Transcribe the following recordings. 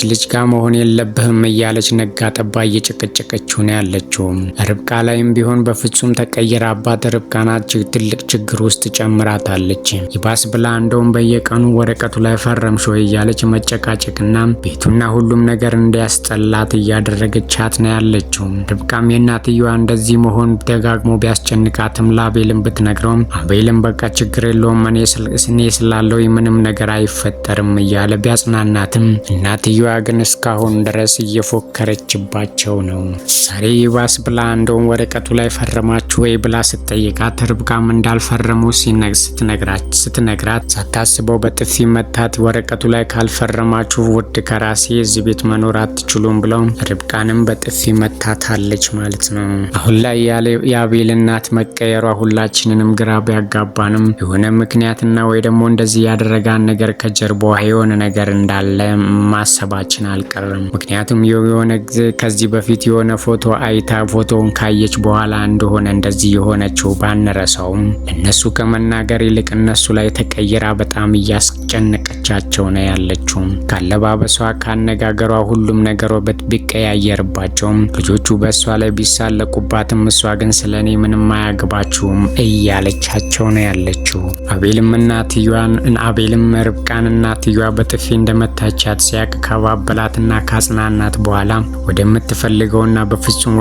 ከዚች ልጅ ጋር መሆን የለብህም እያለች ነጋ ጠባ እየጨቀጨቀችው ነው ያለችው። ርብቃ ላይም ቢሆን በፍጹም አባት ርብቃና ትልቅ ችግር ውስጥ ጨምራታለች። ይባስ ብላ እንደውም በየቀኑ ወረቀቱ ላይ ፈረምሽ ወይ እያለች መጨቃጨቅና ቤቱና ሁሉም ነገር እንዲያስጠላት እያደረገቻት ነው ያለችው። ርብቃም የእናትየዋ እንደዚህ መሆን ደጋግሞ ቢያስጨንቃትም ለአቤልም ብትነግረውም አቤልም በቃ ችግር የለውም እኔ ስላለው ምንም ነገር አይፈጠርም እያለ ቢያጽናናትም እናትየዋ ልጇ ግን እስካሁን ድረስ እየፎከረችባቸው ነው። ዛሬ ይባስ ብላ እንደውም ወረቀቱ ላይ ፈረማችሁ ወይ ብላ ስትጠይቃት ርብቃም እንዳልፈረሙ ስትነግራት ሳታስበው በጥፊ መታት። ወረቀቱ ላይ ካልፈረማችሁ ውድ ከራሴ እዚህ ቤት መኖር አትችሉም ብለው ርብቃንም በጥፊ መታታለች ማለት ነው። አሁን ላይ የአቤል እናት መቀየሯ ሁላችንንም ግራ ቢያጋባንም የሆነ ምክንያትና ወይ ደግሞ እንደዚህ ያደረጋን ነገር ከጀርባ የሆነ ነገር እንዳለ ማሰባ መኖራችን አልቀረም። ምክንያቱም የሆነ ጊዜ ከዚህ በፊት የሆነ ፎቶ አይታ ፎቶውን ካየች በኋላ እንደሆነ እንደዚህ የሆነችው ባንረሳውም እነሱ ከመናገር ይልቅ እነሱ ላይ ተቀይራ በጣም እያስጨነቀቻቸው ነው ያለችው። ካለባበሷ፣ ካነጋገሯ ሁሉም ነገሯ ቢቀያየርባቸውም ልጆቹ በእሷ ላይ ቢሳለቁባትም እሷ ግን ስለ እኔ ምንም አያገባችሁም እያለቻቸው ነው ያለችው። አቤልም እናትየዋን አቤልም ርብቃን እናትየዋ በጥፊ እንደመታቻት ሲያቅ ከባ ካቀባበላትና ካጽናናት በኋላ ወደምትፈልገውና በፍጹም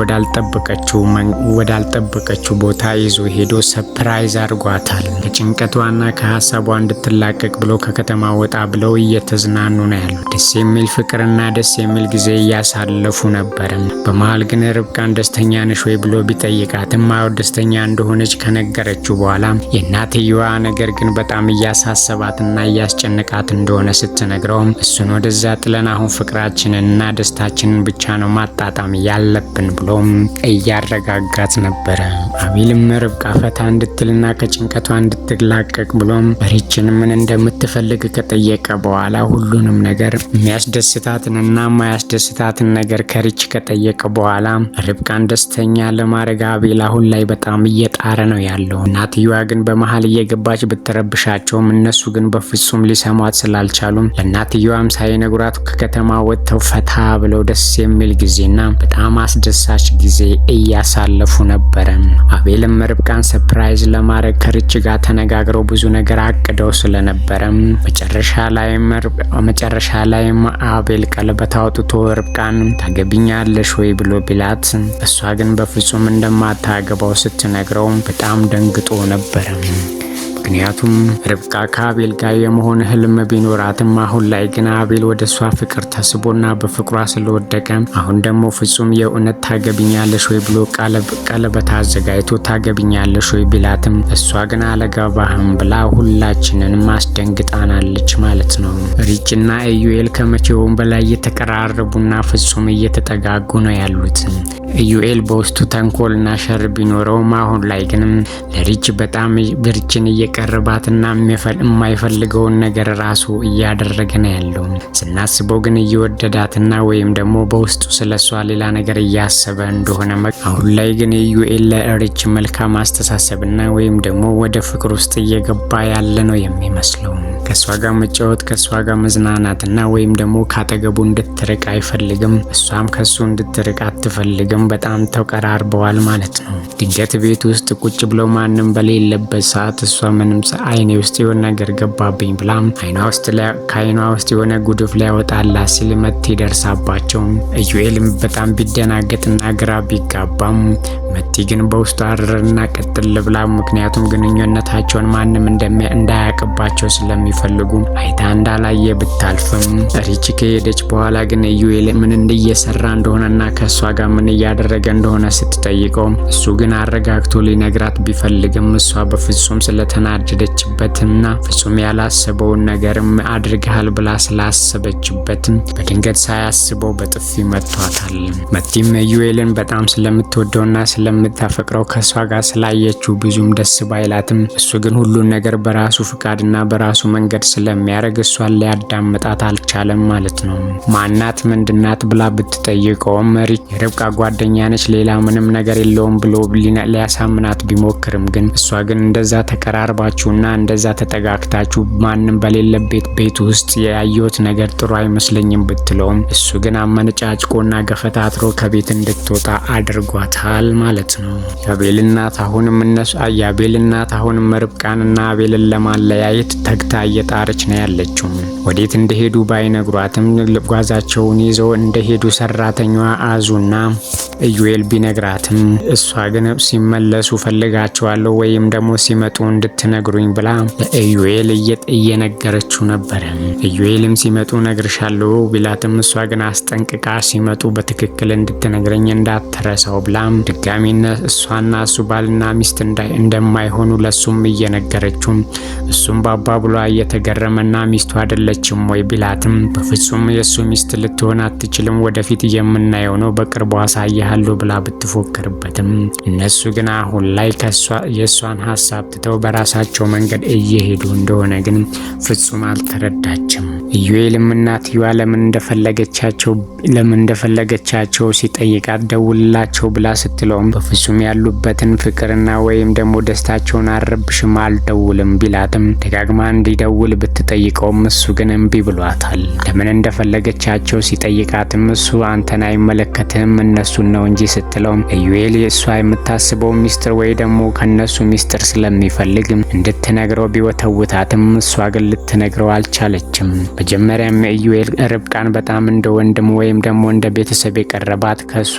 ወዳልጠበቀችው ቦታ ይዞ ሄዶ ሰፕራይዝ አድርጓታል። ከጭንቀቷና ከሀሳቧ እንድትላቀቅ ብሎ ከከተማ ወጣ ብለው እየተዝናኑ ነው ያሉ። ደስ የሚል ፍቅርና ደስ የሚል ጊዜ እያሳለፉ ነበርም። በመሀል ግን ርብቃን ደስተኛ ነሽ ወይ ብሎ ቢጠይቃትም አዎ ደስተኛ እንደሆነች ከነገረችው በኋላ የእናትየዋ ነገር ግን በጣም እያሳሰባትና እያስጨነቃት እንደሆነ ስትነግረውም እሱን ወደዛ ጥለና አሁን ፍቅራችንንና ደስታችንን ብቻ ነው ማጣጣም ያለብን ብሎም እያረጋጋት ነበረ። አቤልም ርብቃ ፈታ እንድትልና ከጭንቀቷ እንድትላቀቅ ብሎም ሪችን ምን እንደምትፈልግ ከጠየቀ በኋላ ሁሉንም ነገር የሚያስደስታትንና ማያስደስታትን ነገር ከሪች ከጠየቀ በኋላ ርብቃን ደስተኛ ለማድረግ አቤል አሁን ላይ በጣም እየጣረ ነው ያለው። እናትየዋ ግን በመሀል እየገባች ብትረብሻቸውም እነሱ ግን በፍጹም ሊሰሟት ስላልቻሉም ለእናትየዋም ሳይነግሯት ከከተማ ወጥተው ፈታ ብለው ደስ የሚል ጊዜና በጣም አስደሳች ጊዜ እያሳለፉ ነበረ። አቤልም ርብቃን ሰፕራይዝ ለማድረግ ከርች ጋር ተነጋግረው ብዙ ነገር አቅደው ስለነበረ መጨረሻ ላይም አቤል ቀለበት አውጥቶ ርብቃን ታገብኛለሽ ወይ ብሎ ቢላት እሷ ግን በፍጹም እንደማታገባው ስትነግረው በጣም ደንግጦ ነበረ። ምክንያቱም ርብቃ ከአቤል ጋር የመሆን ህልም ቢኖራትም አሁን ላይ ግን አቤል ወደ እሷ ፍቅር ተስቦና በፍቅሯ ስለወደቀ አሁን ደግሞ ፍጹም የእውነት ታገብኛለሽ ወይ ብሎ ቀለበት አዘጋጅቶ ታገብኛለሽ ወይ ቢላትም እሷ ግን አለገባህም ብላ ሁላችንንም አስደንግጣናለች ማለት ነው። ሪችና ኢዩኤል ከመቼውም በላይ እየተቀራረቡና ፍጹም እየተጠጋጉ ነው ያሉት። ኢዩኤል በውስጡ ተንኮልና ሸር ቢኖረውም አሁን ላይ ግንም ለሪች በጣም ብርችን እየቀ እየቀረባትና የማይፈልገውን ነገር ራሱ እያደረገ ነው ያለው። ስናስበው ግን እየወደዳትና ወይም ደግሞ በውስጡ ስለሷ ሌላ ነገር እያሰበ እንደሆነ አሁን ላይ ግን የዩኤል ለሪች መልካም አስተሳሰብና ወይም ደግሞ ወደ ፍቅር ውስጥ እየገባ ያለ ነው የሚመስለው። ከእሷ ጋር መጫወት፣ ከእሷ ጋር መዝናናትና ወይም ደግሞ ካጠገቡ እንድትርቅ አይፈልግም። እሷም ከሱ እንድትርቅ አትፈልግም። በጣም ተቀራርበዋል ማለት ነው። ድንገት ቤት ውስጥ ቁጭ ብለው ማንም በሌለበት ሰዓት እሷ ማንም አይኔ ውስጥ የሆነ ነገር ገባብኝ ብላ ከአይኗ ውስጥ የሆነ ጉድፍ ሊያወጣላት ሲል መቴ ደርሳባቸው ኢዩኤልም በጣም ቢደናገጥና ግራ ቢጋባም መቲ ግን በውስጡ አርርና ቀጥል ብላ ምክንያቱም ግንኙነታቸውን ማንም እንዳያቅባቸው ስለሚፈልጉ አይታ እንዳላየ ብታልፍም ሪቺ ከሄደች በኋላ ግን ኢዩኤል ምን እየሰራ እንደሆነና ከእሷ ጋር ምን እያደረገ እንደሆነ ስትጠይቀው እሱ ግን አረጋግቶ ሊነግራት ቢፈልግም እሷ በፍጹም ስለተና ስላናደደችበትና ፍጹም ያላሰበውን ነገርም አድርገሃል ብላ ስላሰበችበትም በድንገት ሳያስበው በጥፊ መቷታል። መቲም ዩኤልን በጣም ስለምትወደውና ስለምታፈቅረው ከእሷ ጋር ስላየችው ብዙም ደስ ባይላትም እሱ ግን ሁሉን ነገር በራሱ ፍቃድና በራሱ መንገድ ስለሚያደርግ እሷን ሊያዳምጣት አልቻለም ማለት ነው። ማናት ምንድናት ብላ ብትጠይቀውም የርብቃ ጓደኛ ነች፣ ሌላ ምንም ነገር የለውም ብሎ ሊያሳምናት ቢሞክርም ግን እሷ ግን እንደዛ ተቀራርባ ተሳስባችሁና እንደዛ ተጠጋግታችሁ ማንም በሌለበት ቤት ውስጥ ያየሁት ነገር ጥሩ አይመስለኝም ብትለውም እሱ ግን አመነጫጭቆና ገፈታትሮ ከቤት እንድትወጣ አድርጓታል ማለት ነው። የአቤል እናት አሁንም እነሱ የአቤል እናት አሁንም ርብቃንና አቤልን ለማለያየት ተግታ እየጣረች ነው ያለችው። ወዴት እንደሄዱ ባይነግሯትም ጓዛቸውን ይዘው እንደሄዱ ሰራተኛዋ አዙና ኢዩኤል ቢነግራትም እሷ ግን ሲመለሱ ፈልጋቸዋለሁ ወይም ደግሞ ሲመጡ እንድት አትነግሩኝ ብላ ለኢዩኤል እየነገረችው ነበረ። ኢዩኤልም ሲመጡ ነግርሻለሁ ቢላትም እሷ ግን አስጠንቅቃ ሲመጡ በትክክል እንድትነግረኝ እንዳትረሳው ብላም ድጋሚ እሷና እሱ ባልና ሚስት እንደማይሆኑ ለሱም እየነገረችው እሱም ባባ ብሏ እየተገረመና ሚስቱ አይደለችም ወይ ቢላትም በፍጹም የእሱ ሚስት ልትሆን አትችልም፣ ወደፊት የምናየው ነው፣ በቅርቡ አሳያለሁ ብላ ብትፎክርበትም እነሱ ግን አሁን ላይ የእሷን ሀሳብ ትተው በራሳ በራሳቸው መንገድ እየሄዱ እንደሆነ ግን ፍጹም አልተረዳችም። ኢዩኤልም እናትየዋ ለምን እንደፈለገቻቸው ለምን እንደፈለገቻቸው ሲጠይቃት ደውልላቸው ብላ ስትለውም በፍጹም ያሉበትን ፍቅርና ወይም ደግሞ ደስታቸውን አረብሽም አልደውልም ቢላትም ደጋግማ እንዲደውል ብትጠይቀውም እሱ ግን እምቢ ብሏታል። ለምን እንደፈለገቻቸው ሲጠይቃትም እሱ አንተን አይመለከትህም እነሱን ነው እንጂ ስትለውም ኢዩኤል የእሷ የምታስበው ሚስጥር ወይ ደግሞ ከነሱ ሚስጥር ስለሚፈልግ እንድትነግረው ቢወተውታትም እሷ ግን ልትነግረው አልቻለችም። መጀመሪያም ኢዩኤል ርብቃን በጣም እንደ ወንድም ወይም ደግሞ እንደ ቤተሰብ የቀረባት ከእሷ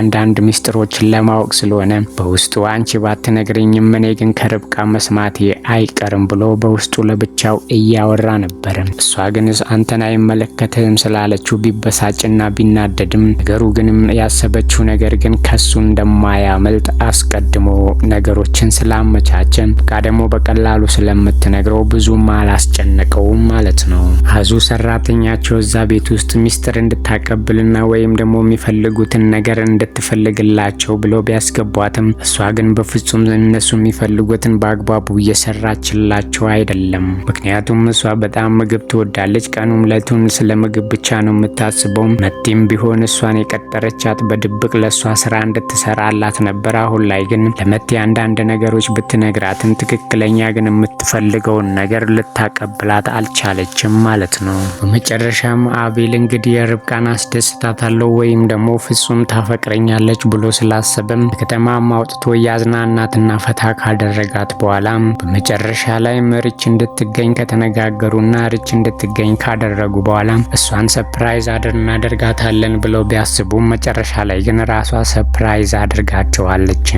አንዳንድ ሚስጥሮችን ለማወቅ ስለሆነ በውስጡ አንቺ ባትነግርኝም እኔ ግን ከርብቃ መስማቴ አይቀርም ብሎ በውስጡ ለብቻው እያወራ ነበር። እሷ ግን አንተን አይመለከትህም ስላለችው ቢበሳጭና ቢናደድም ነገሩ ግን ያሰበችው ነገር ግን ከሱ እንደማያመልጥ አስቀድሞ ነገሮችን ስላመቻቸ ደግሞ በቀላሉ ስለምትነግረው ብዙም አላስጨነቀውም ማለት ነው። አዙ ሰራተኛቸው እዛ ቤት ውስጥ ሚስጥር እንድታቀብልና ወይም ደግሞ የሚፈልጉትን ነገር እንድትፈልግላቸው ብለው ቢያስገቧትም እሷ ግን በፍጹም እነሱ የሚፈልጉትን በአግባቡ እየሰራችላቸው አይደለም። ምክንያቱም እሷ በጣም ምግብ ትወዳለች። ቀኑም ለቱን ስለ ምግብ ብቻ ነው የምታስበው። መቲም ቢሆን እሷን የቀጠረቻት በድብቅ ለእሷ ስራ እንድትሰራላት ነበር። አሁን ላይ ግን ለመቲ አንዳንድ ነገሮች ብትነግራትም ትክክል ትክክለኛ ግን የምትፈልገውን ነገር ልታቀብላት አልቻለችም ማለት ነው። በመጨረሻም አቤል እንግዲህ የርብቃን አስደስታታለሁ ወይም ደግሞ ፍጹም ታፈቅረኛለች ብሎ ስላሰበም ከተማ አውጥቶ ያዝናናትና ፈታ ካደረጋት በኋላም በመጨረሻ ላይ ርች እንድትገኝ ከተነጋገሩና ርች እንድትገኝ ካደረጉ በኋላ እሷን ሰፕራይዝ እናደርጋታለን ብለው ቢያስቡም መጨረሻ ላይ ግን ራሷ ሰፕራይዝ አድርጋቸዋለች።